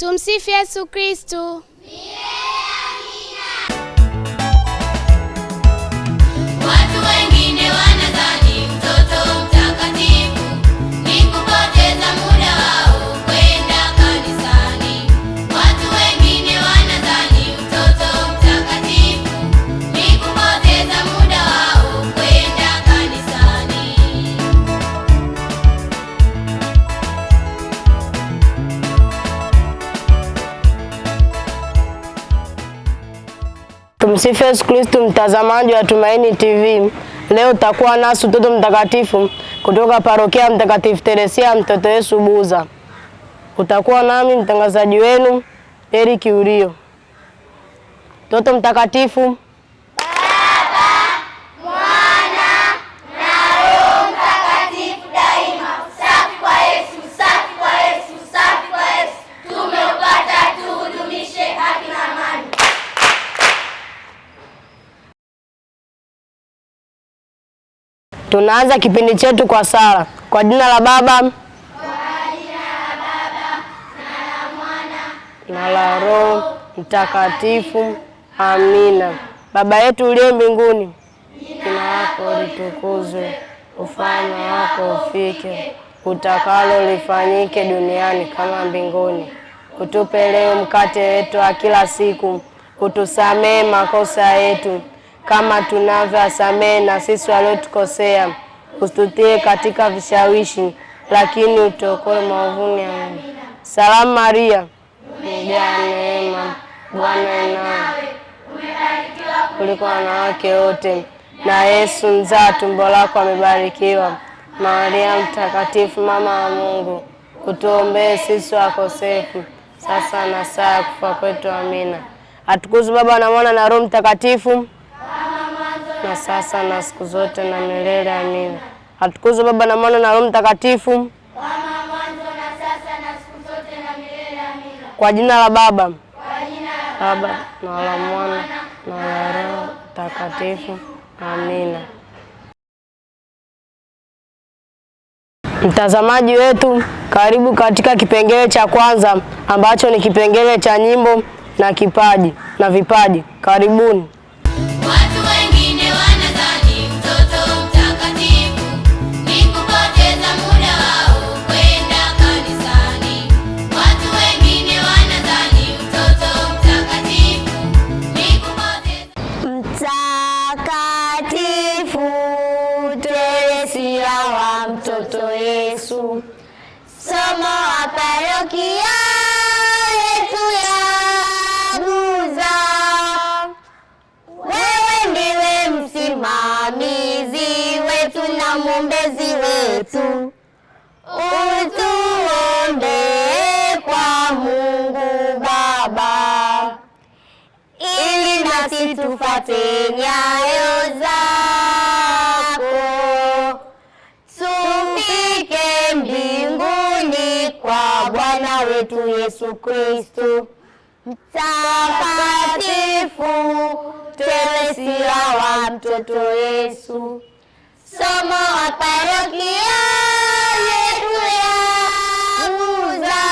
Tumsifu Yesu Kristu. Tumsifu Yesu Kristo. Mtazamaji wa Tumaini TV, leo takuwa nasi mtoto mtakatifu kutoka parokia Mtakatifu Teresia mtoto Yesu Buza. Utakuwa nami mtangazaji wenu Eric Urio. Mtoto mtakatifu Tunaanza kipindi chetu kwa sala. Kwa jina la Baba na la Mwana na la Roho Mtakatifu, amina. Baba yetu uliye mbinguni, jina lako litukuzwe, ufalme wako ufike, utakalo lifanyike duniani kama mbinguni. Utupe leo mkate wetu wa kila siku, utusamee makosa yetu kama tunavyowasamehe na sisi waliotukosea, usitutie katika vishawishi, lakini utuokoe maovuni. Amina. Salamu Maria, umejaa neema, Bwana yu nawe, kuliko wanawake wote, na Yesu mzaa tumbo lako amebarikiwa. Maria Mtakatifu, mama wa Mungu, utuombee sisi wakosefu, sasa na saa ya kufa kwetu. Amina. Atukuzwe Baba na Mwana na Roho Mtakatifu na sasa na siku zote na milele. Amina. Atukuzwe Baba na Mwana na Roho Mtakatifu, kama mwanzo na sasa na siku zote na milele. Amina. Kwa jina la Baba, kwa jina la Baba na la Mwana na la Roho Mtakatifu. Amina. Mtazamaji wetu, karibu katika kipengele cha kwanza ambacho ni kipengele cha nyimbo na kipaji na vipaji. Karibuni. Watu wengi wetu Yesu Kristu mtakatifu, Teresia wa mtoto Yesu, somo wa parokia yetu yakuza.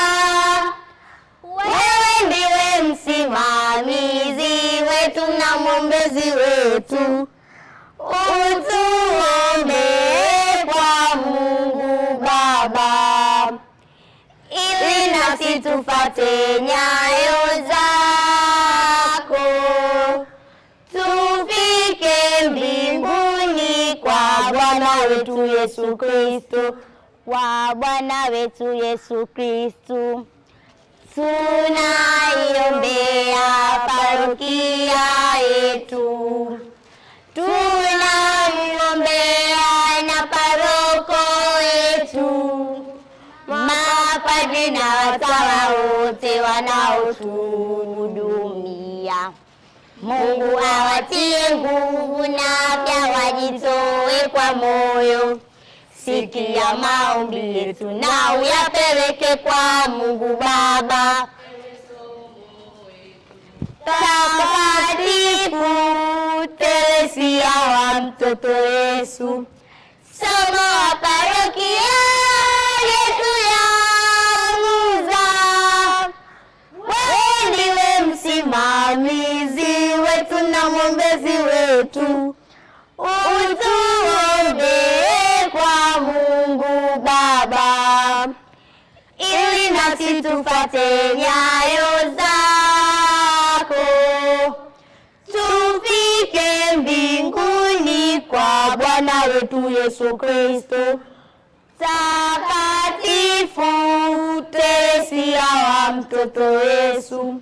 Wewe ndiwe msimamizi wetu na mwombezi wetu utu tufate nyayo zako, tufike mbinguni kwa Bwana wetu Yesu Kristo, kwa Bwana wetu Yesu Kristo. Tunaiombea parokia yetu tu wale wanaotuhudumia. Mungu awatie nguvu na afya, wajitoe kwa moyo. Sikia maombi yetu na uyapeleke kwa Mungu Baba Takatifu Teresia wa mtoto Yesu, soma wa parokia msimamizi wetu na mwombezi wetu, utuombee kwa Mungu Baba ili nasi tufate nyayo zako, tufike mbinguni kwa Bwana wetu Yesu Kristo. Takatifu Teresia wa mtoto Yesu.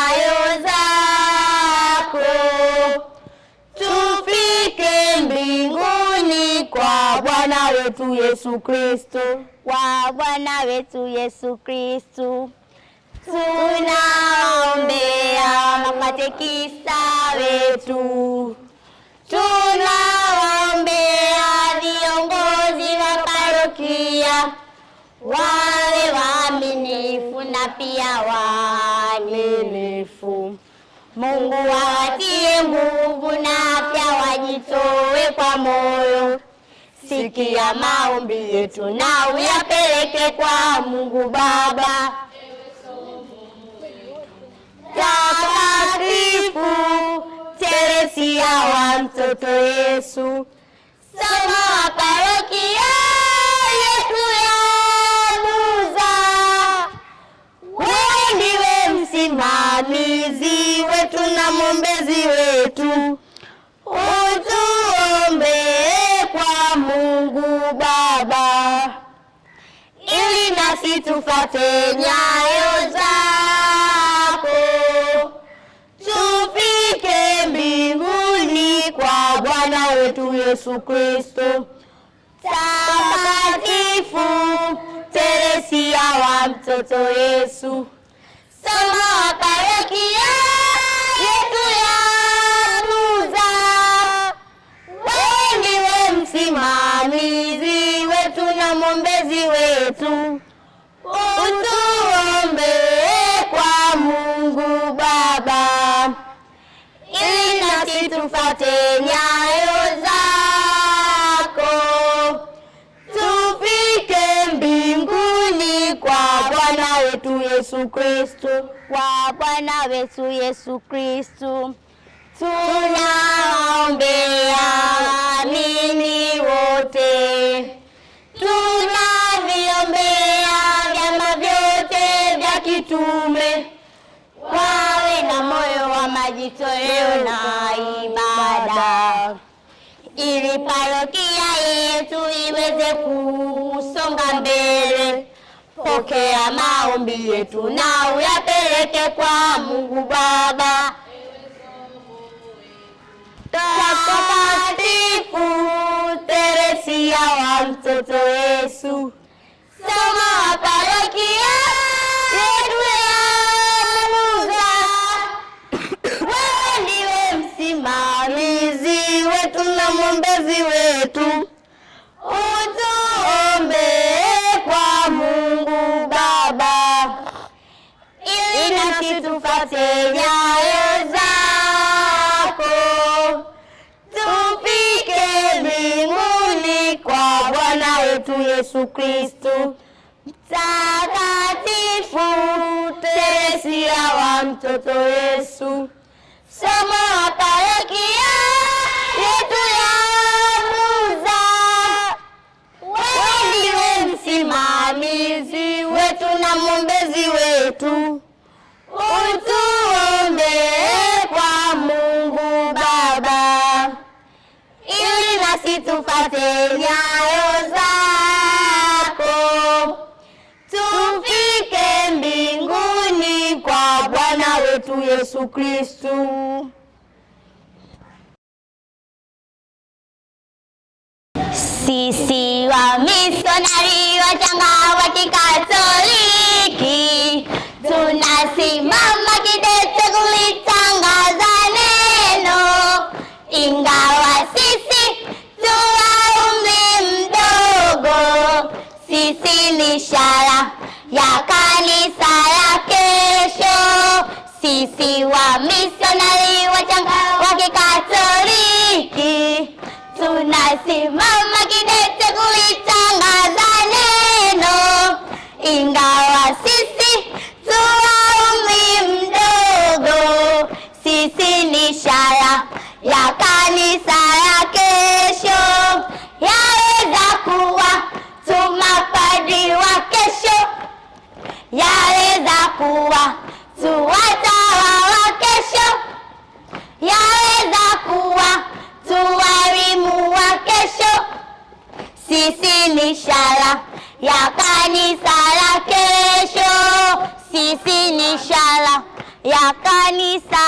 Bwana wetu Yesu Kristu, wa Bwana wetu Yesu Kristo, tunaombea makatekista wetu, tunaombea viongozi wa parokia, wawe waaminifu na pia waaminifu. Mungu awatie nguvu na pia wajitoe kwa moyo sikia maombi yetu na uyapeleke kwa Mungu Baba. Takatifu Teresia wa mtoto Yesu, sama parokia yetu ya Buza, wewe ndiwe msimamizi wetu na mwombezi wetu Baba, ili nasi tufate nyayo zako, tufike mbinguni kwa Bwana wetu Yesu Kristo. Takatifu Teresia wa mtoto Yesu, soma wakarekia yetu ya Buza, wewe msimamizi mwombezi wetu, utuombe kwa Mungu Baba ili nasi tufate nyayo zako, tufike mbinguni kwa Bwana wetu Yesu Kristu, kwa Bwana wetu Yesu Kristo. Tunaombea amini wote tunaviombea vyama vyote vya kitume wawe na moyo wa majitoleo na ibada, ili parokia yetu iweze kusonga mbele. Pokea maombi yetu na uyapeleke kwa Mungu Baba takatifu parokia wa mtoto Yesu. Soma parokia yetu yamuza, wewe ndiwe msimamizi wetu na mwombezi wetu, utuombee kwa Mungu Baba ili nasi tupate Yesu Kristu, mtakatifu Teresia wa mtoto Yesu, somo la parokia yetu ya Buza. Wewe ndiwe msimamizi wetu na mwombezi wetu, utuombee kwa Mungu Baba ili nasi tupate nyayo wetu Yesu Kristu. Sisi wamisionari wachanga wa Kikatoliki tunasimama kidete kulitangaza neno, ingawa sisi tuwaumri mdogo, sisi ni ishara ya kani sisi wa misionari wachanga wa Kikatoliki tunasimama kidete kulitangaza neno, ingawa sisi tuwaumi mdogo, sisi ni ishara ya kanisa yake. ya kanisa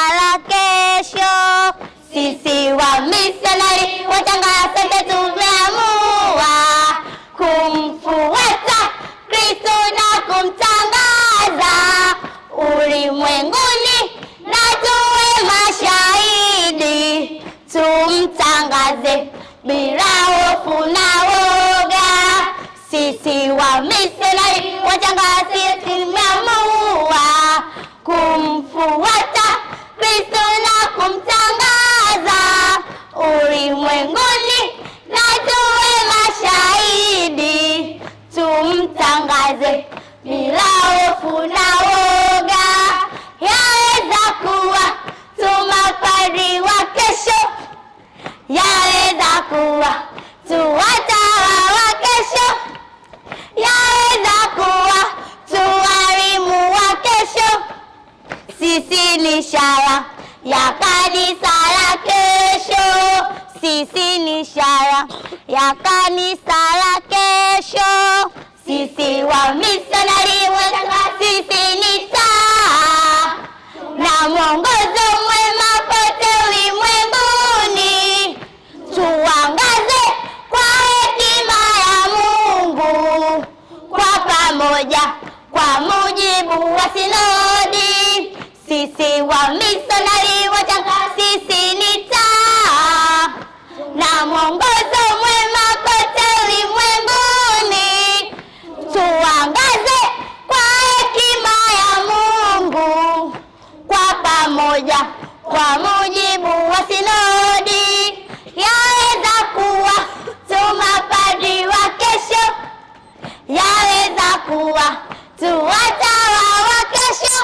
tuwatawa wa kesho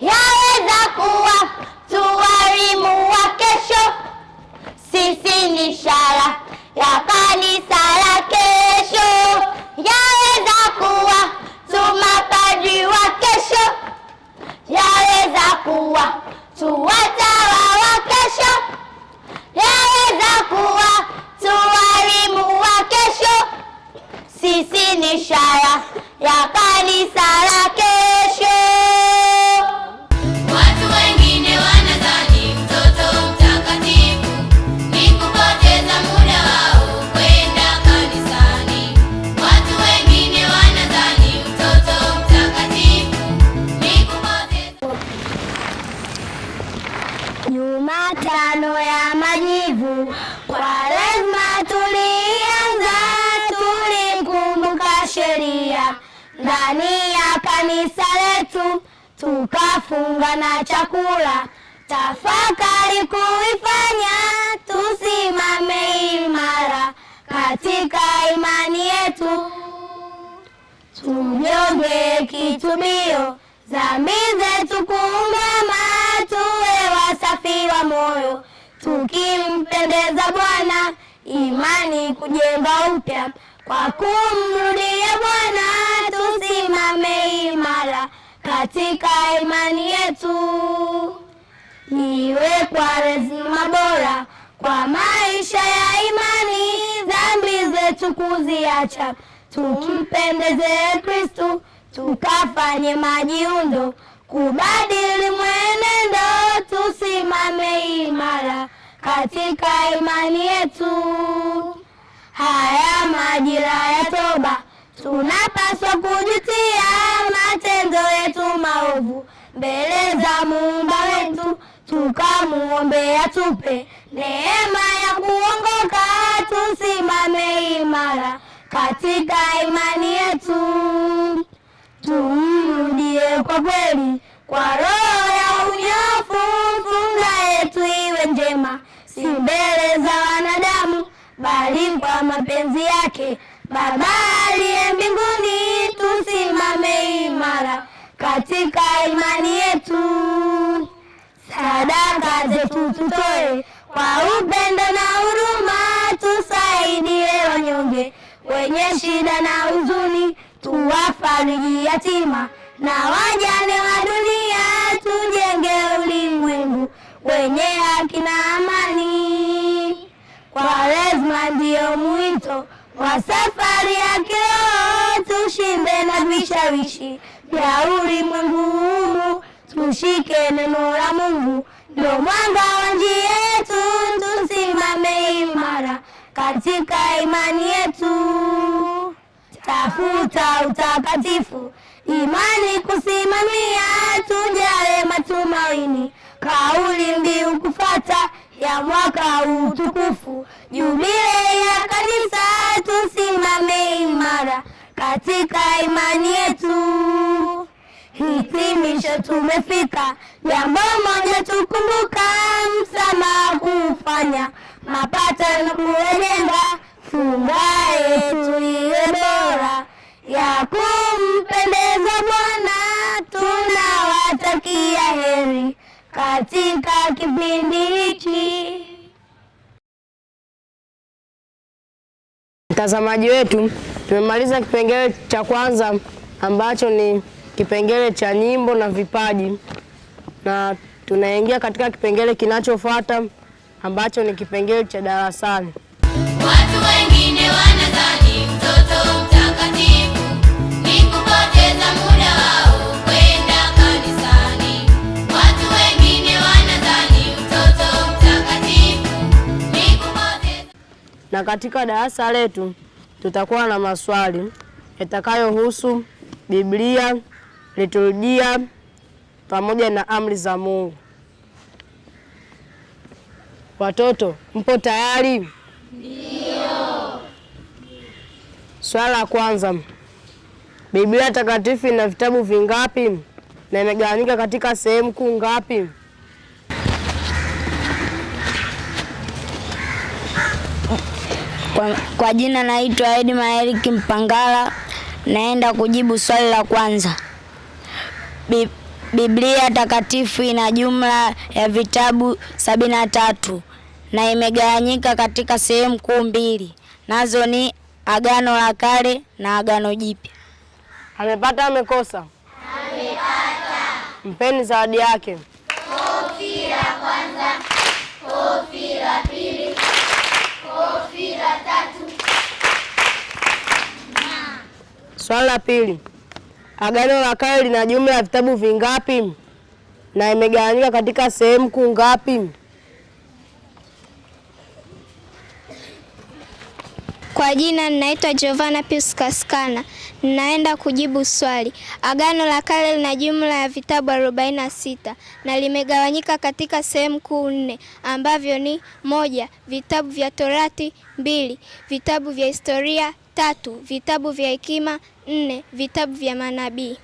yaweza kuwa tuwalimu wa kesho. Sisi ni ishara ya kanisa la kesho, yaweza kuwa tumapadri wa kesho, yaweza kuwa tuwatawa wa kesho, yaweza kuwa tuwalimu wa kesho. Sisi ni ishara ya kanisa la kesho. tukafunga na chakula, tafakari kuifanya, tusimame imara katika imani yetu, tujonge kitubio, dhambi zetu kuungama, tuwe wasafi wa moyo, tukimpendeza Bwana, imani kujenga upya kwa kumrudia Bwana, tusimame imara katika imani yetu. kwa Kwaresima bora kwa maisha ya imani, dhambi zetu kuziacha, tukimpendeze Kristu, tukafanye majiundo, kubadili mwenendo, tusimame imara katika imani yetu. Haya majira ya toba Tunapaswa kujutia matendo yetu maovu mbele za muumba wetu, tukamuombea tupe neema ya kuongoka, tusimame imara katika imani yetu, tumrudie kwa kweli kwa roho ya unyofu. Funga yetu iwe njema, si mbele za wanadamu, bali kwa mapenzi yake. Baba aliye mbinguni, tusimame imara katika imani yetu, sadaka zetu tutoe kwa upendo na huruma, tusaidie wanyonge, wenye shida na huzuni, tuwafariji yatima na wajane wa dunia, tujenge ulimwengu wenye haki na amani. kwa Kwaresma ndiyo mwito wa safari ya kiroho, tushinde na vishawishi vya ulimwengu huu, tushike neno la Mungu ndio mwanga wa njia yetu, tusimame imara katika imani yetu. Tafuta utakatifu, imani kusimamia, tujale matumaini, kauli mbiu kufata ya mwaka utukufu. Jubile ya kanisa, tusimame imara katika imani yetu. Hitimisho tumefika, jambo moja tukumbuka, msamaha kufanya na kuenenda, funga yetu iwe bora ya kumpendeza Bwana, tunawatakia heri katika kipindi hichi. Mtazamaji wetu, tumemaliza kipengele cha kwanza ambacho ni kipengele cha nyimbo na vipaji, na tunaingia katika kipengele kinachofuata ambacho ni kipengele cha darasani. na katika darasa letu tutakuwa na maswali yatakayohusu Biblia, liturujia pamoja na amri za Mungu. Watoto, mpo tayari? Ndio. Swala la kwanza, Biblia takatifu ina vitabu vingapi na imegawanyika katika sehemu kuu ngapi? Kwa, kwa jina naitwa Edma Eric Mpangala, naenda kujibu swali la kwanza. Bi, Biblia takatifu ina jumla ya vitabu sabini na tatu na imegawanyika katika sehemu kuu mbili, nazo ni Agano la Kale na Agano Jipya. Amepata amekosa? Amepata. Mpeni zawadi yake. Swali la pili, Agano la Kale lina jumla ya vitabu vingapi na imegawanyika katika sehemu kuu ngapi? Kwa jina ninaitwa Giovanna Pius Kaskana. Ninaenda kujibu swali. Agano la Kale lina jumla ya vitabu 46 na limegawanyika katika sehemu kuu nne ambavyo ni moja, vitabu vya Torati; mbili, vitabu vya historia; tatu, vitabu vya hekima; Nne, vitabu vya manabii.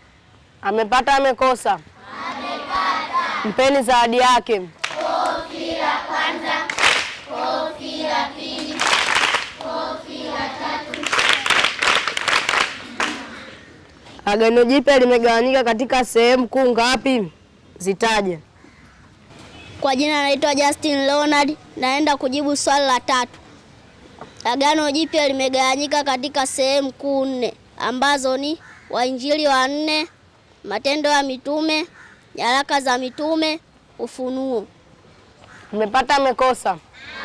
Amepata amekosa? Amepata. Mpeni zawadi yake. Kofi la kwanza, kofi la pili, kofi la tatu. Agano Jipya limegawanyika katika sehemu kuu ngapi? Zitaje. Kwa jina naitwa Justin Leonard, naenda kujibu swali la tatu. Agano Jipya limegawanyika katika sehemu kuu nne ambazo ni Wainjili wa nne, Matendo ya Mitume, Nyaraka za Mitume, Ufunuo. Mmepata amekosa?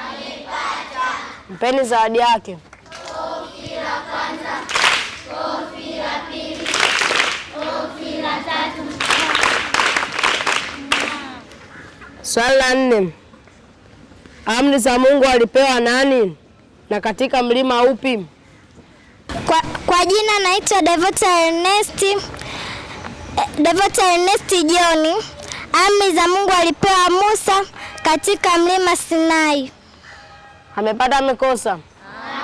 Amepata. Mpeni zawadi yake. Kofi la kwanza, kofi la pili, kofi la tatu. Swali la nne. Amri za Mungu alipewa nani na katika mlima upi? Kwa jina naitwa Devota Ernest eh, Devota Ernesti Joni. Amri za Mungu alipewa Musa katika mlima Sinai. Amepata amekosa?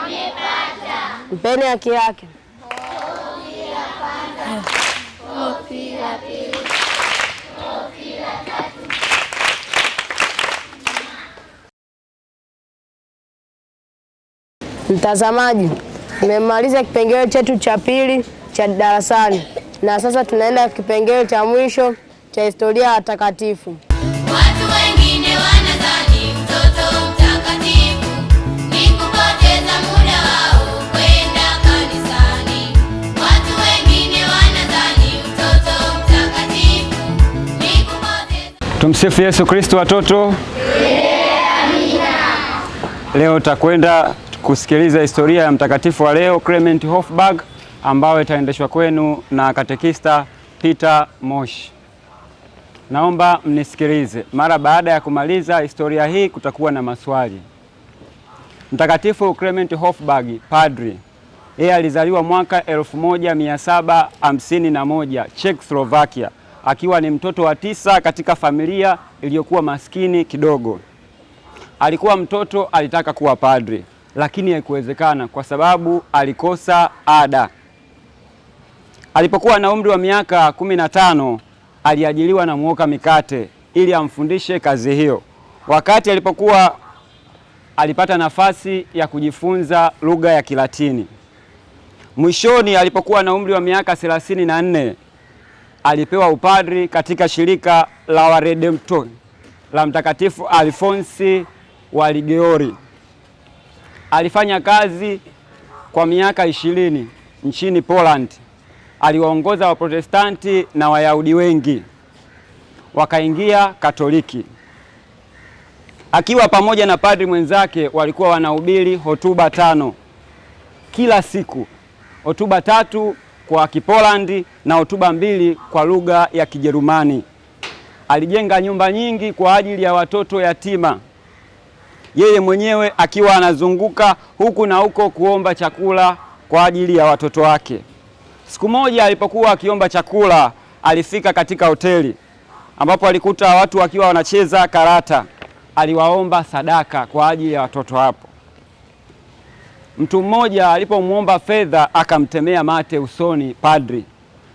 Amepata. Mpeni haki yake. Mtazamaji Nimemaliza kipengele chetu cha pili cha darasani na sasa tunaenda kipengele cha mwisho cha historia ya watakatifu. Watu wengine wanadhani mtoto mtakatifu ni kupoteza muda wao kwenda kanisani. Watu wengine wanadhani mtoto mtakatifu ni kupoteza. Tumsifu Yesu Kristo, watoto. Yeah, amina. Leo takwenda kusikiliza historia ya mtakatifu wa leo Clement Hofbauer ambayo itaendeshwa kwenu na katekista Peter Moshi. Naomba mnisikilize. Mara baada ya kumaliza historia hii kutakuwa na maswali. Mtakatifu Clement Hofbauer, padri. Yeye alizaliwa mwaka 1751 Czechoslovakia, akiwa ni mtoto wa tisa katika familia iliyokuwa maskini kidogo. Alikuwa mtoto, alitaka kuwa padri lakini haikuwezekana kwa sababu alikosa ada. Alipokuwa na umri wa miaka kumi na tano aliajiliwa na mwoka mikate ili amfundishe kazi hiyo. Wakati alipokuwa alipata nafasi ya kujifunza lugha ya Kilatini. Mwishoni alipokuwa na umri wa miaka thelathini na nne alipewa upadri katika shirika la Waredemptori la Mtakatifu Alfonsi wa Ligeori. Alifanya kazi kwa miaka ishirini nchini Poland. Aliwaongoza Waprotestanti na Wayahudi wengi wakaingia Katoliki. Akiwa pamoja na padri mwenzake walikuwa wanahubiri hotuba tano kila siku, hotuba tatu kwa Kipolandi na hotuba mbili kwa lugha ya Kijerumani. Alijenga nyumba nyingi kwa ajili ya watoto yatima yeye mwenyewe akiwa anazunguka huku na huko kuomba chakula kwa ajili ya watoto wake. Siku moja alipokuwa akiomba chakula, alifika katika hoteli ambapo alikuta watu wakiwa wanacheza karata. Aliwaomba sadaka kwa ajili ya watoto hapo. Mtu mmoja alipomwomba fedha, akamtemea mate usoni padri.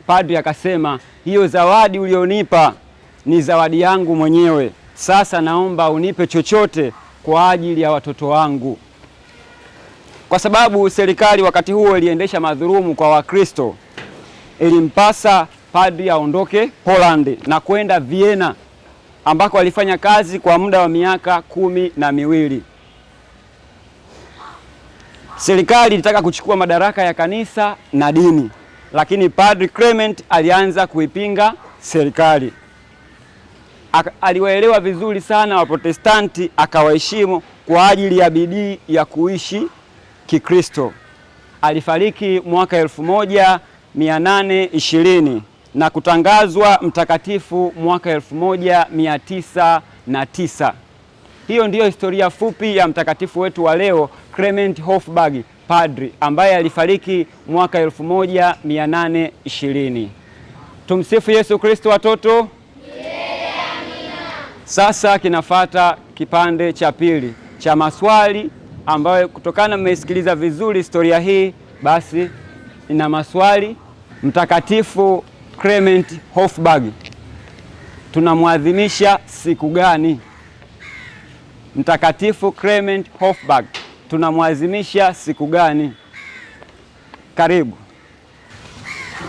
Padri akasema, hiyo zawadi ulionipa ni zawadi yangu mwenyewe, sasa naomba unipe chochote kwa ajili ya watoto wangu, kwa sababu serikali wakati huo iliendesha madhulumu kwa Wakristo. Ilimpasa padri aondoke poland na kwenda Vienna ambako alifanya kazi kwa muda wa miaka kumi na miwili. Serikali ilitaka kuchukua madaraka ya kanisa na dini, lakini padri Clement alianza kuipinga serikali aliwaelewa vizuri sana Waprotestanti, akawaheshimu kwa ajili ya bidii ya kuishi Kikristo. Alifariki mwaka 1820 na kutangazwa mtakatifu mwaka 1909. Hiyo ndiyo historia fupi ya mtakatifu wetu wa leo Clement Hofburg, padri ambaye alifariki mwaka 1820. Tumsifu Yesu Kristo watoto. Sasa kinafata kipande cha pili cha maswali ambayo kutokana mmeisikiliza vizuri historia hii, basi ina maswali. Mtakatifu Clement Hofburg tunamwadhimisha siku gani? Mtakatifu Clement Hofburg tunamwadhimisha siku gani? Karibu.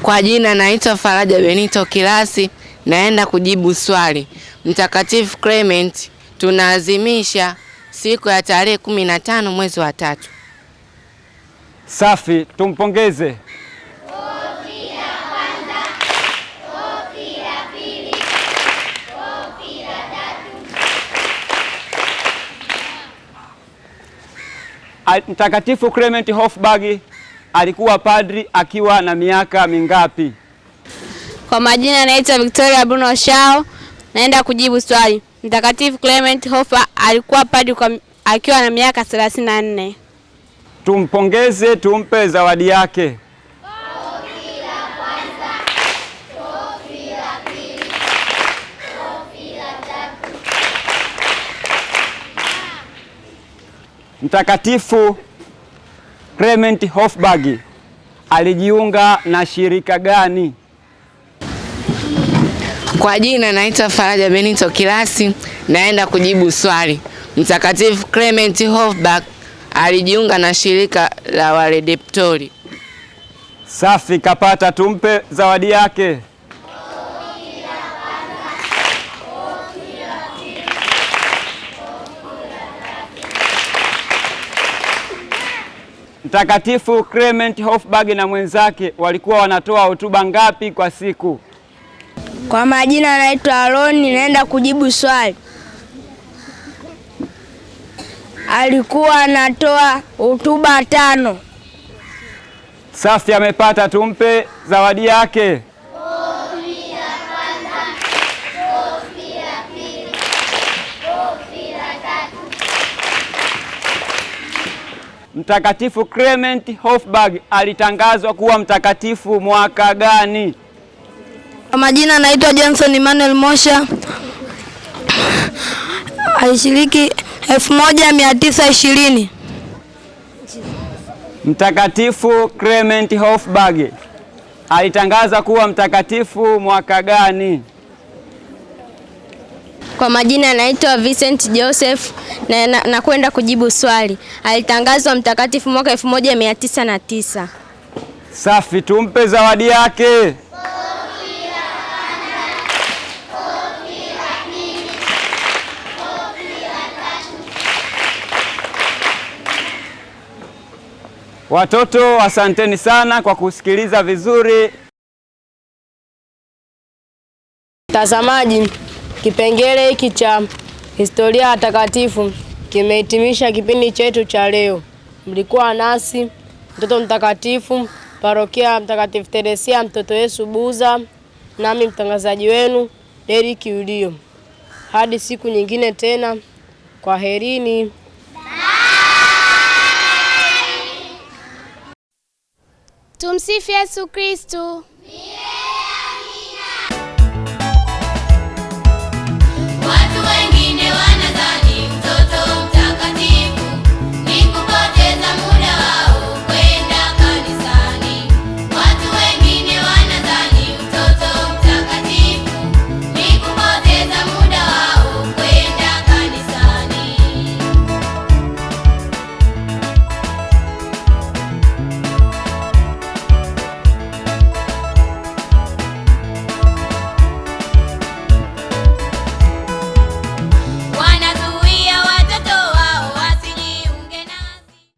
Kwa jina naitwa Faraja Benito Kilasi. Naenda kujibu swali. Mtakatifu Clement tunaazimisha siku ya tarehe kumi na tano mwezi wa tatu. Safi, tumpongeze. Mtakatifu Clement Hofbagi alikuwa padri akiwa na miaka mingapi? Kwa majina anaitwa Victoria Bruno Shao. Naenda kujibu swali. Mtakatifu Clement Hofa alikuwa padri akiwa na miaka 34. Tumpongeze, tumpe zawadi yake. Mtakatifu Clement Hofbagi alijiunga na shirika gani? Kwa jina naitwa Faraja Benito Kilasi, naenda kujibu swali. Mtakatifu Clement Hofbach alijiunga na shirika la Waredemptori. Safi, kapata. Tumpe zawadi yake. Mtakatifu Clement Hofbach na mwenzake walikuwa wanatoa hotuba ngapi kwa siku? Kwa majina naitwa aroni naenda kujibu swali. Alikuwa anatoa hotuba tano. Sasa amepata, tumpe zawadi yake. Mtakatifu Clement Hofburg alitangazwa kuwa mtakatifu mwaka gani? Kwa majina naitwa Johnson Emmanuel Mosha, alishiriki 1920. Mtakatifu Clement Hofbage alitangaza kuwa mtakatifu mwaka gani? Kwa majina anaitwa Vincent Joseph na nakwenda na kujibu swali. Alitangazwa mtakatifu mwaka 1909. Safi, tumpe zawadi yake. Watoto asanteni sana kwa kusikiliza vizuri. Mtazamaji, kipengele hiki cha historia ya takatifu kimehitimisha kipindi chetu cha leo. Mlikuwa nasi mtoto mtakatifu, parokia Mtakatifu Teresia mtoto Yesu Buza, nami mtangazaji wenu Deriki Ulio. Hadi siku nyingine tena, kwaherini. Tumsifu Yesu Kristu.